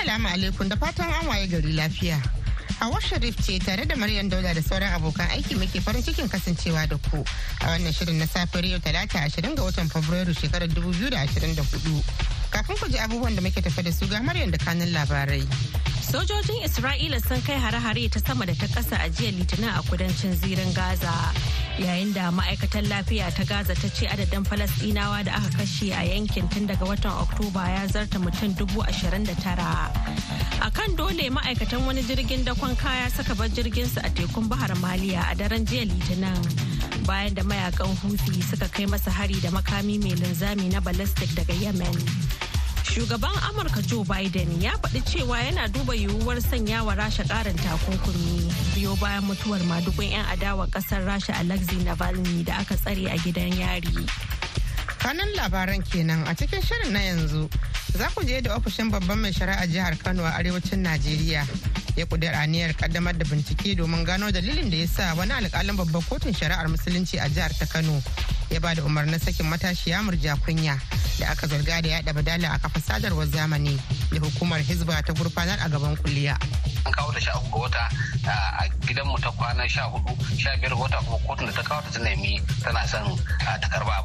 Assalamu alaikum da fatan an waye gari lafiya. Hawa Sharif ce tare da Maryam Dauda da sauran abokan aiki muke farin cikin kasancewa da ku a wannan shirin na safiyar yau talata ashirin ga watan Fabrairu shekarar dubu biyu da ashirin da hudu. Kafin ku ji abubuwan da muke tafe da su ga Maryam da kanin labarai. Sojojin Isra'ila sun kai hare-hare ta sama da ta ƙasa a jiya Litinin a kudancin zirin Gaza. Yayin da ma'aikatan lafiya ta Gaza ta ce adadin Falasɗinawa da aka kashe a yankin tun daga watan Oktoba ya zarta mutum dubu ashirin da tara. A kan dole ma'aikatan wani jirgin dakon kaya saka bar jirginsu a tekun Bahar Maliya a daren jiya Litinin. Bayan da mayakan Houthi suka kai masa hari da makami mai linzami na balastik daga Yemen. Shugaban Amurka Joe Biden ya faɗi cewa yana duba yiwuwar sanya wa Rasha ƙarin takunkumi biyo bayan mutuwar madubin 'yan adawa ƙasar Rasha Alexei Navalny da aka tsare a gidan yari. kanan labaran kenan a cikin shirin na yanzu za ku je da ofishin babban mai shari'a jihar kano a arewacin najeriya ya kudir aniyar kaddamar da bincike domin gano dalilin da ya sa wani alkalin babban kotun shari'ar musulunci a jihar ta kano ya ba da umarnin sakin matashiya murja kunya da aka zarga da yada badala a kafa sadarwar zamani da hukumar hizba ta gurfanar a gaban kuliya an kawo ta sha wata a gidanmu ta kwana sha hudu sha biyar wata kuma kotun da ta kawo ta tunani tana son ta karba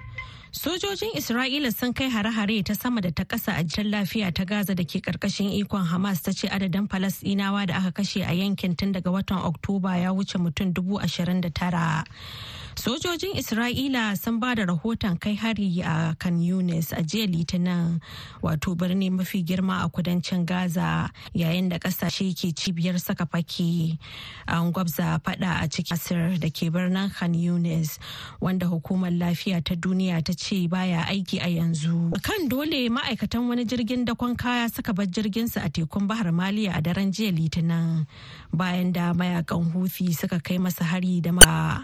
Sojojin Isra'ila sun kai hare-hare ta sama da ta ƙasa a jan lafiya ta Gaza da ke ƙarƙashin ikon Hamas ta ce adadin Falasɗinawa da aka kashe a yankin tun daga watan Oktoba ya wuce mutum dubu ashirin da tara. Sojojin Isra'ila sun ba da rahoton kai hari a kan Yunis a jiya Litinin wato birni mafi girma a kudancin Gaza yayin da kasashe ke cibiyar saka fake an gwabza fada a cikin asir da ke birnin Khan Yunis wanda hukumar lafiya ta duniya ta ce baya aiki a yanzu. Kan dole ma'aikatan wani jirgin dakon kaya suka bar jirginsu a tekun Bahar Maliya a daren jiya Litinin bayan da mayakan hufi suka kai masa hari da ma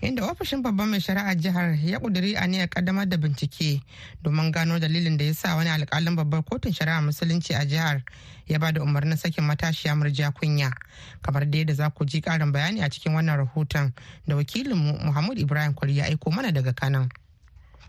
inda ofishin babban mai shari'a jihar ya kuduri aniyar kaddamar da bincike domin gano dalilin da ya sa wani alkalin babbar kotun shari'ar musulunci a jihar ya ba da umarnin sakin matashiya murja kunya kamar da yadda za ku ji karin bayani a cikin wannan rahoton da wakilinmu muhammad ibrahim kwari ya aiko mana daga kanan.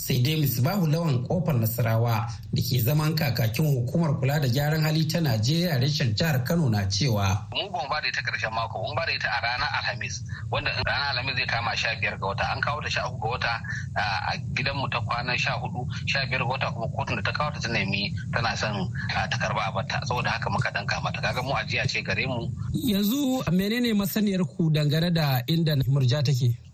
sai dai misbahu lawan kofar nasarawa da ke zaman kakakin hukumar kula da gyaran hali ta najeriya reshen jihar kano na cewa mu ba ba da ita karshen mako mun ba da ita a ranar alhamis wanda ranar alhamis zai kama sha biyar ga wata an kawo ta sha ga wata a gidanmu ta kwanan sha hudu sha biyar ga wata kuma kotun da ta kawo ta nemi tana son ta karba a bata saboda haka muka danka mata kaga mu ajiya ce gare mu yanzu menene masaniyar ku dangane da inda murja take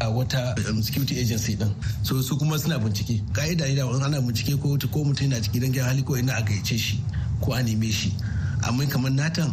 a wata um, security agency din so su kuma suna bincike ka'ida ne da wani ana bincike ko ko mutum yana cikin gidan hali ko ina a gaice shi ko a neme shi amma kamar natan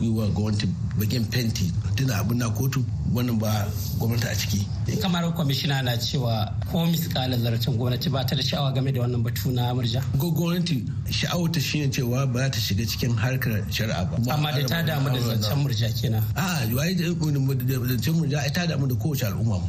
yi wa gwamnati bakin fenti tana abin na kotu wannan ba gwamnati a ciki. kamar kwamishina na cewa ko miskala zarafin gwamnati ba ta da sha'awa game da wannan batu na murja. gwamnati sha'awar ta shine cewa ba ta shiga cikin harkar shari'a ba. amma da ta damu da zancen murja kenan. a zancen murja ta damu da kowace al'umma mu.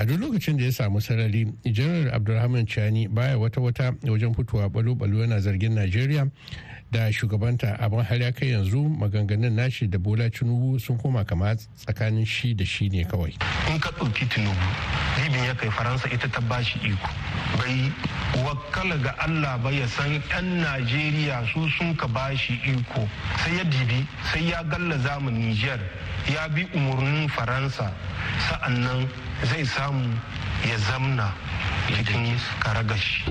a duk lokacin da ya samu sarari janar abdulrahman chani baya wata-wata wajen fitowa balo-balo yana zargin najeriya da shugabanta abin har ya kai yanzu maganganun nashi da bola tinubu sun koma kama tsakanin shi da shi ne kawai in ka ɗauki tinubu libin ya kai faransa ita ta ba shi iko bai wakala ga allah ba ya san yan najeriya su sun ka ba shi iko sai ya dibi sai ya galla zamu niger ya bi umarnin faransa sa'an zai samu ya zamna cikin karagashi.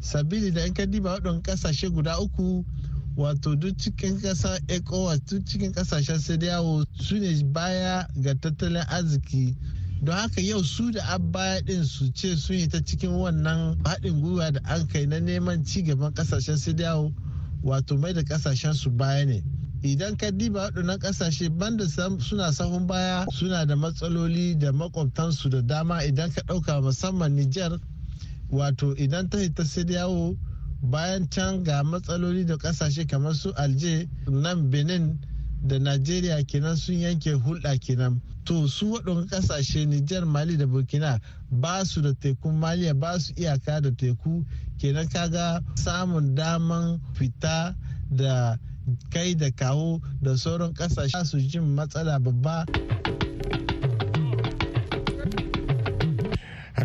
sabili da 'yan ka diba ƙasashe guda uku wato duk cikin ƙasa ecowas duk cikin ƙasashen sai su ne baya ga tattalin arziki don haka yau su da abaya din su ce su yi ta cikin wannan haɗin gwiwa da an kai na neman ci gaban ƙasashen sai yawo wato mai da ƙasashen su baya ne idan ka diba waɗannan ƙasashe banda suna sahun baya suna da matsaloli da maƙwabtansu da dama idan ka ɗauka musamman Nijar wato idan ta ta sai yawo bayan can ga matsaloli da kasashe kamar su alje nan benin da najeriya kenan sun yanke hulɗa kenan to su waɗanda ƙasashe nijar mali da burkina ba su da tekun maliya ba su iyaka da teku kenan kaga samun daman fita da kai da kawo da sauran ƙasashe su jin matsala babba.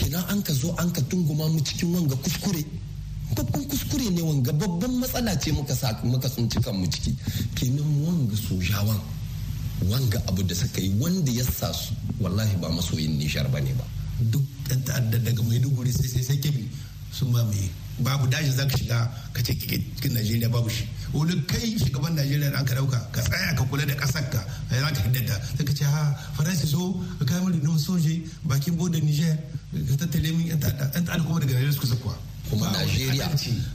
kenan an ka zo an ka tunguma mu cikin wanga kuskure babban kuskure ne wanga babban matsala ce muka sa muka cikan kanmu ciki kenan wanga sojawan wanga abu da suka yi wanda ya sa su wallahi ba masoyin nishar ba ne ba duk da ta'adda daga maiduguri sai sai sai kebi sun ba mai babu dajin za shiga ka ce kikin najeriya babu shi wani kai shugaban najeriya da an ka dauka ka tsaya ka kula da kasar ka za ka hiddata sai ka ce ha faransa so ka kai mun rundunar soje bakin bodin niger ka tattale min yan ta'adda kuma daga najeriya suka zakuwa kuma Najeriya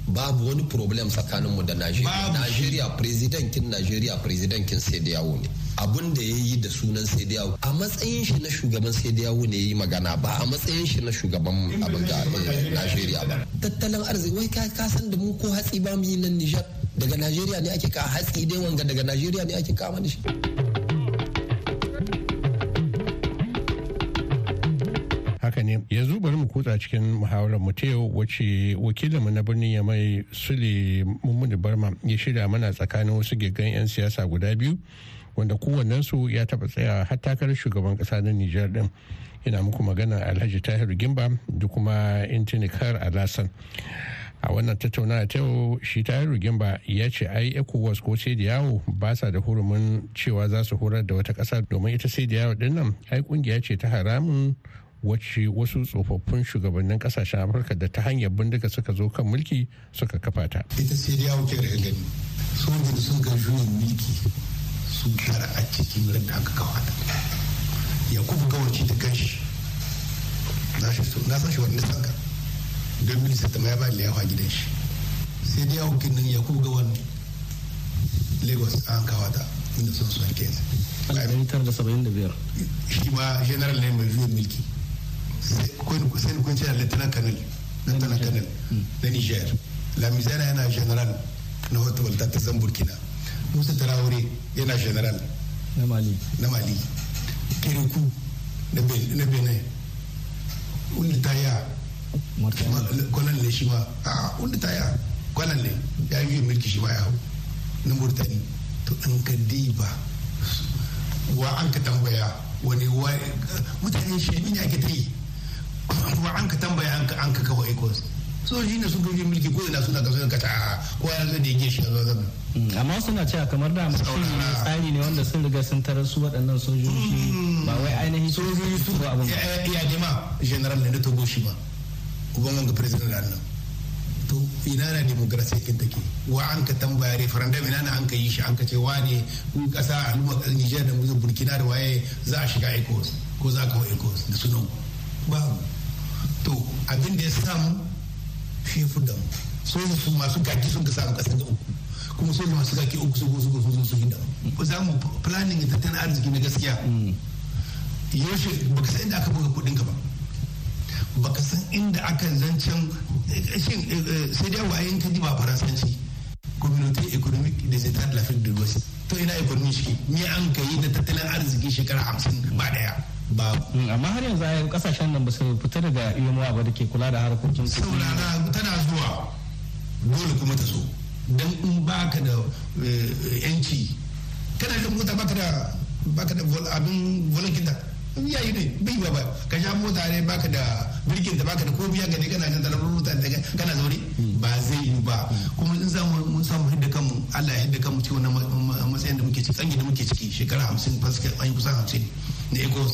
babu wani problem tsakaninmu da Najeriya. Najeriya presidentin Najeriya presidentin yawo ne. Abun da ya yi da sunan yawo a matsayin shi na shugaban yawo ne ya yi magana ba a matsayin shi na shugaban abin da eh, Najeriya ba. Tattalin arziki wai ka san da mu ko hatsi ba mu yi nan Nijar. daga najeriya ne ake kawo hatsi dai wanga daga najeriya ne ake kawo da shi haka ne yanzu bari mu kutsa cikin muhawarar mu ta yau wacce wakilinmu na birnin ya mai sule mummuni barma ya shirya mana tsakanin wasu gigan 'yan siyasa guda biyu wanda kowannensu ya taɓa tsaya har takarar shugaban kasa na Nijar din Ina muku magana Alhaji Tahir Gimba da kuma Intinikar Alasan. a wannan tattauna ta yau shi ta yi rigimba ya ce ai ecowas ko sai da yawo ba sa da hurumin cewa za su horar da wata ƙasa domin ita sai da yawo din nan ai kungiya ce ta haramun wacce wasu tsofaffin shugabannin kasashen afirka da ta hanyar bindiga suka zo kan mulki suka kafa ta ita sai da yawo ke da saboda sun ga juyin mulki sun tara a cikin ran da aka kawo ya kuma gawarci da kanshi na san shi wani sanka 2007 minista ya bayan da gidan shi sai dai yawon kinnan ya kuga wani lagos an ta inda sun son kenan alƙalin tar da 75 shi ma general ne mai juyin mulki sai kun ce da lieutenant colonel lieutenant colonel na niger lamizana hmm. yana general na wata walta ta zan burkina musa tarawore yana general na mali kiriku na benin wani taya kwanan ne shi ma a wanda ta ya kwanan ne ya yi mulki shi ma ya hau na murtani to an ka diba wa an ka tambaya wani mutane shi ne ake ta yi wa an ka tambaya an ka kawo so shi ne sun kai mulki ko ina suna kasar kata ah, ko ya zo da yake shi zo zama mm, amma suna cewa kamar da ne tsari ne wanda sun riga sun tarar su waɗannan sojoji ba wai ainihin mm, sojoji su ba abin ba ya ne general ne na togo shi ba uban wanga president da nan to ina na demokrasiya kin take wa an ka tambaya referendum ina na an ka yi shi an ka ce wane kun kasa al'umma kasa Niger da mu Burkina da waye za a shiga ECOWAS ko za ka wa ECOWAS da sunan ba to abin da ya samu shi ya fuda mu so su masu gaji sun ka samu kasar da uku kuma so masu gaji uku su su su su hinda za mu planning tattalin arziki na gaskiya mm. yaushe baka san inda aka buga kudin ka ba baka san inda aka zancen eh, shin eh, eh, sai dai wayan ka ba faransanci community economic des états de l'afrique de wasu. to ina economy shi ni an kai da tattalin arziki shekara 50 ba daya mm, ba amma har yanzu ayyukan kasashen nan ba su fita daga UMOA ba da ke kula da harkokin su saurara tana zuwa dole kuma ta zo dan in baka da yanci kana da mota baka da baka da abin volunteer in yayi ne bi ba ba ka sha mota ne baka da birkin da baka da ko biya gani kana jin talabar mota da kana zaure ba zai yi ba kuma in zamu mun samu hidda kanmu Allah ya hidda kanmu cikin wannan matsayin da muke ciki tsangi da muke ciki shekara 50 fasika an yi kusan 50 Na ecos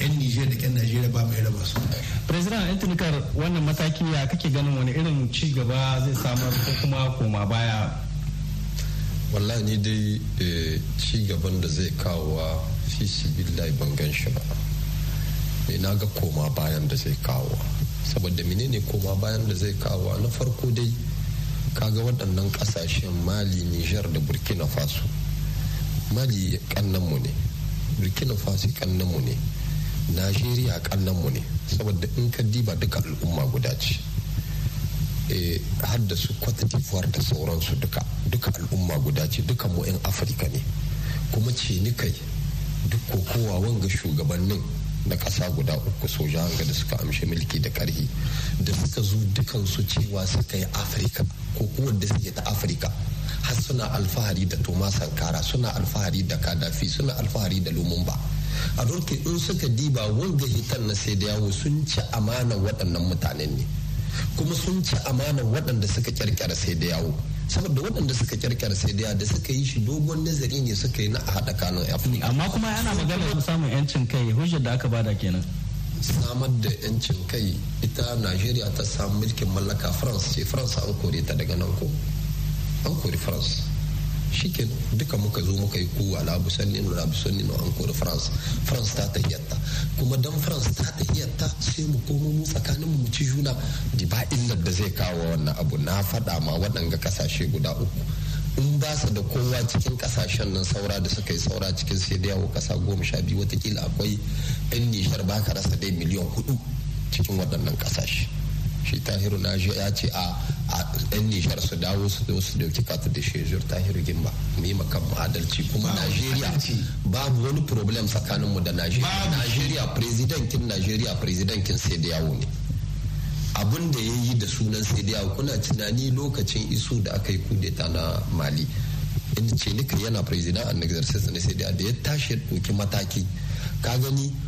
yan Nijar da yan Najeriya ba mai raba su. President yan tunikar wannan mataki ya kake ganin wani irin ci gaba zai samar ko kuma koma baya wallahi ni dai eh, ci gaban da zai kawowa fi biLlahi ban gan shi ba ne eh, na ga koma bayan da zai kawo saboda menene koma bayan da zai kawo na farko dai kaga waɗannan ƙasashen mali Niger da burkina faso mali kannanmu ne burkina faso mu ne najeriya kannanmu ne saboda in ka diba duka al'umma guda ce Eh, haddasu kwata su da sauransu duka duka al'umma guda ce duka mu 'yan afirka ne kuma ce ni kai duk kokowa wanga shugabannin na ƙasa guda uku soja hanga da suka amshi mulki da ƙarhi da suka zo dukansu cewa suka yi afirka ko kuma da suke ta afirka har suna alfahari da toma sankara suna alfahari da kadafi suna alfahari da lumumba a in suka diba wanga hitar na sai da yawo sun ci amana waɗannan mutanen ne kuma sun ci amana waɗanda suka kirkira sai da yawo saboda waɗanda suka kirkira sai da da suka yi shi dogon nazari ne suka yi na a haɗa kanun afirka amma kuma yana magana samun yancin kai hujjar da aka bada kenan samar da yancin kai ita najeriya ta samu mulkin mallaka france ce france an kore ta daga nan ko an kori france shikin duka muka zo muka yi kowa la abu sanni no abu sanni no an kori france france ta yatta kuma dan france ta ta yatta sai mu komo mu tsakanin mu ci juna di ba inda da zai kawo wannan abu na fada ma waɗanga kasashe guda uku in ba su da kowa cikin kasashen nan saura da suka yi saura cikin sai da yawo kasa goma sha biyu watakila akwai yan nishar baka rasa dai miliyan hudu cikin waɗannan kasashe shi tahiru na ya ce a yan nishar su dawo su zo su dauki katu da shezur tahiru gimba mu yi makan adalci kuma najeriya babu wani problem tsakanin mu da najeriya najeriya presidentin najeriya presidentin sai da yawo ne abun da ya yi da sunan sai da yawo kuna tunani lokacin iso da aka yi kudeta na mali in ce nika yana president an exercise ne sai da ya tashi ya ɗauki mataki ka gani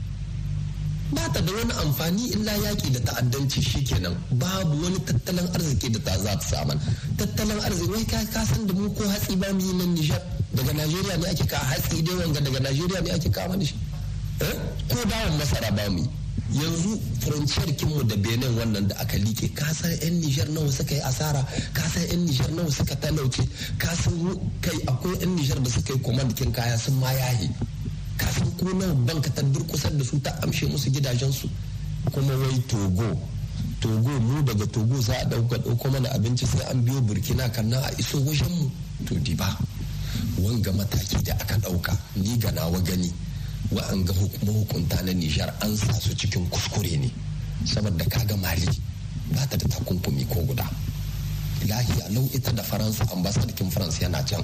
ba ta da wani amfani illa yaƙi da ta'addanci shi kenan babu wani tattalin arziki da ta za ta samu tattalin arziki wai ka san da mu ko hatsi ba mu yi nan Nijar daga Najeriya ne ake ka hatsi dai wanga daga Najeriya ne ake ka shi eh? ko bawan masara ba mu yanzu furanciyar kinmu da benin wannan da aka like kasan 'yan nijar nawa suka yi asara kasan 'yan nijar nawa suka talauce kasan kai akwai 'yan nijar da suka yi kin kaya sun ma yahi kafin ko nawa banka ta durkusar da su ta amshe musu gidajensu kuma wai togo togo mu daga togo za a ɗauka dauko mana abinci sai an biyo burkina kanna a iso wajen mu to di ba wanga mataki da aka ɗauka ni ga nawa gani wa an ga mahukunta na nijar an sa su cikin kuskure ne saboda kaga mali ba ta da takunkumi ko guda lahiya lau ita da faransa ambasadakin faransa yana can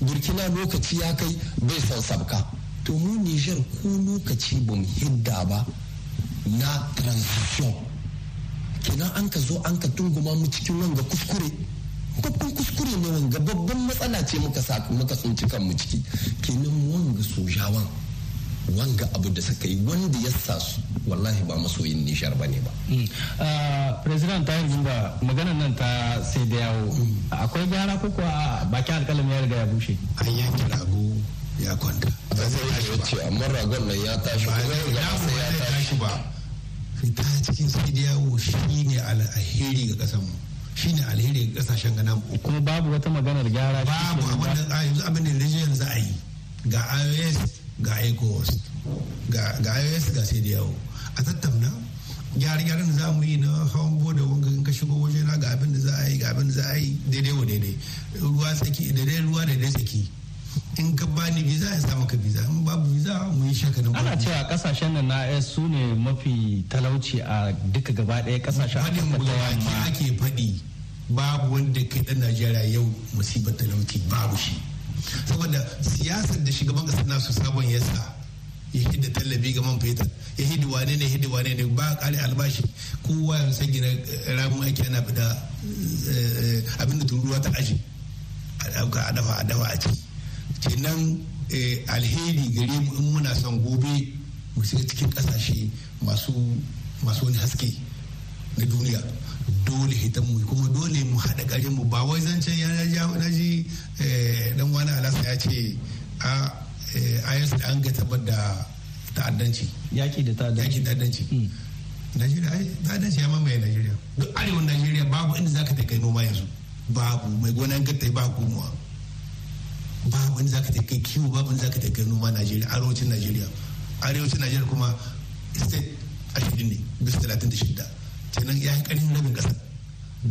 burkina lokaci ya kai bai son sabka to mu nijar ko lokaci ba mu hidda ba na transition kenan an ka zo an ka tunguma mu cikin wanga kuskure babban kuskure ne wanga babban matsala ce muka sa muka kanmu ciki kenan wanga sojawan wanga abu da suka yi wanda ya sa su wallahi ba yin nishar ba ne mm. ba. Ah, president ta yanzu ba maganar nan ta sai da yawo mm. akwai gyara ko a ah, bakin alkalin ya riga ya bushe. an yanke rago ya kwanta. ba zai yi ba. ce amma ragon nan ya tashi ba zai ga masa ya tashi ba. fita cikin sai da yawo shi ne alheri ga ƙasar mu. shi ne alheri ga ƙasashen gana mu. kuma babu wata maganar gyara. babu abin da yanzu abin da yanzu a yi ga ios ga ecos ga ios ga sai da yawo. a tattauna gyare-gyaren da za mu yi na hawan boda wanga ka shigo waje na ga abin da za a yi ga abin da za a yi daidai wa daidai ruwa tsaki daidai ruwa daidai tsaki in ka bani visa ya samu ka visa in babu visa mu yi shaka na ana cewa kasashen da na es su ne mafi talauci a duka gaba daya kasashen afirka ta ake faɗi babu wanda kai ɗan najeriya yau musibar talauci babu shi saboda siyasar da shugaban ƙasar nasu sabon yasa ya hidda tallafi ga man fetur ya hidda wane ne hidda wane ne ba kare albashi kowa ya san gina eh, ramun aiki yana fita eh, abin da turuwa ta aji a dauka a dafa a dafa a ci kenan eh, alheri gare mu in muna son gobe mu shiga cikin kasashe masu masu wani haske na duniya dole hitan mu kuma dole mu haɗa ƙarin mu ba wai zancen ya ji dan wani alasa ya ce a Eh, IS da an ga tabbar da ta'addanci. Yaki da ta'addanci. Yaki ta'addanci. Hmm. Najeriya ta'addanci ya mamaye Najeriya. Duk arewa Najeriya babu inda ka ta kai noma yanzu. Babu mai gonan gatta ba gumuwa. Babu inda ka ta kai kiwo babu inda ka ta kai noma Najeriya arewacin Najeriya. Arewacin Najeriya kuma state ashirin ne bisa talatin da shidda. Kenan ya yi ƙarfin rabin ƙasa.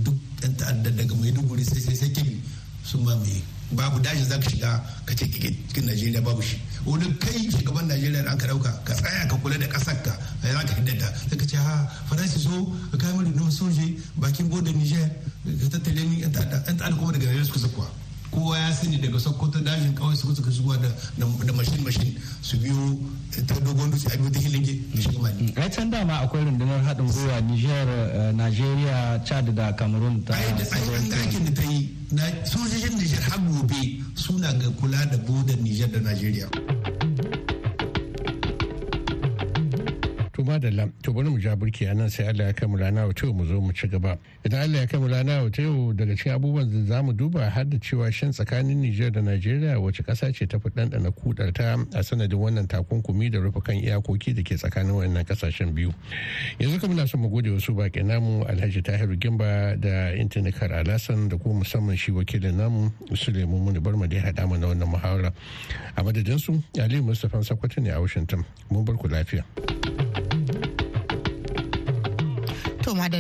Duk ɗan ta'addar daga mai duguri sai sai sai kemi sun mamaye. babu dajin za ka shiga ka ce kikin najeriya babu shi wani kai shugaban najeriya da an ka dauka ka tsaya ka kula da kasar ka ya za ka hiddata sai ka ce ha faransa so ka kai mari na soje bakin bodin niger ka tattalin yan ta'adda kuma daga najeriya suka zakuwa kowa ya sani daga sokoto dajin kawai su suka zuwa da mashin mashin su biyo ta dogon dutse a biyo ta hilinge da shi mali. Mm. ai can dama akwai rundunar haɗin gwiwa niger eh, nigeria chad da cameroon ta ai da aikin da ta yi sojojin niger har gobe suna ga kula da bodar niger da nigeria. madalla to bari mu ja burki a nan sai Allah ya kai mu rana wa mu zo mu ci gaba idan Allah ya kai mu rana wa daga cikin abubuwan da za mu duba har da cewa shan tsakanin Nijar da Najeriya wace ƙasa ce ta fi ɗanɗana kudar a sanadin wannan takunkumi da rufe kan iyakoki da ke tsakanin wannan ƙasashen biyu yanzu kuma muna son mu gode wasu baƙi namu Alhaji Tahiru Gimba da intanet Alasan da kuma musamman shi wakilin namu Suleiman Muni Barma da ya haɗa mana wannan muhawara a madadinsu Aliyu Mustapha Sakwato ne a Washington mun bar ku lafiya.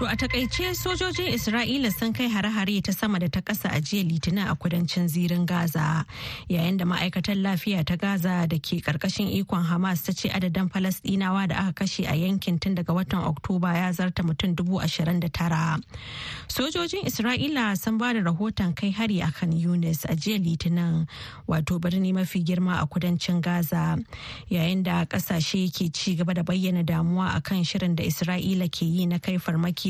To a takaice sojojin Isra'ila sun kai hare-hare ta sama da ta ƙasa a jiya litinin a kudancin zirin Gaza yayin da ma'aikatar lafiya ta Gaza da ke ƙarƙashin ikon Hamas ta ce adadin Falasɗinawa da aka kashe a yankin tun daga watan Oktoba ya zarta mutum dubu ashirin da tara. Sojojin Isra'ila sun ba da rahoton kai hari a kan Yunis a jiya litinin wato birni mafi girma a kudancin Gaza yayin da ƙasashe ke ci gaba da bayyana damuwa akan shirin da Isra'ila ke yi na kai farmaki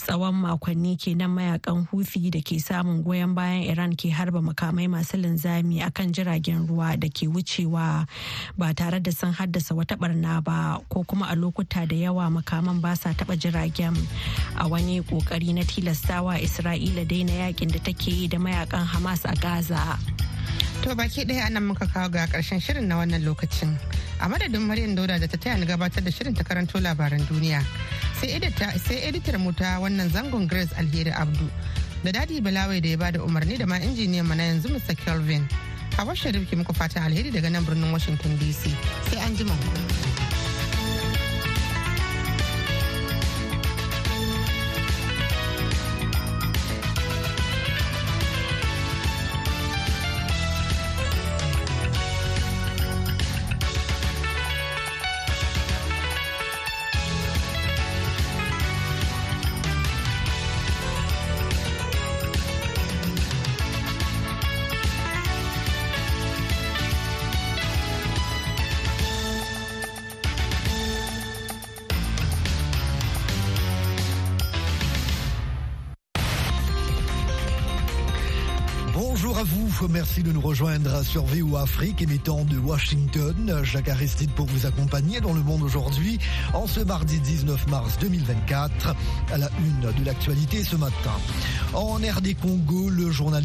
tsawon makonni kenan mayakan hufi da ke samun goyon bayan iran ke harba makamai masu linzami a kan jiragen ruwa da ke wucewa ba tare da sun haddasa wata barna ba ko kuma a lokuta da yawa makaman ba sa taba jiragen a wani kokari na tilastawa isra'ila daina yakin da take yi da mayakan hamas a gaza To baki ɗaya anan muka kawo ga ƙarshen shirin na wannan lokacin. A madadin Maryam Dauda da ta taya ni gabatar da shirin ta karanto labaran duniya. Sai editar mu ta wannan zangon Grace Alheri Abdu. Da Dadi Balawai da ya bada umarni da ma injiniyan mana yanzu Mr. Kelvin. Hawa Sharif ke muku fatan alheri daga nan birnin Washington DC. Sai an jima. nous rejoindre sur ou Afrique, émettant de Washington. Jacques Aristide pour vous accompagner dans le monde aujourd'hui, en ce mardi 19 mars 2024, à la une de l'actualité ce matin. En des Congo, le journaliste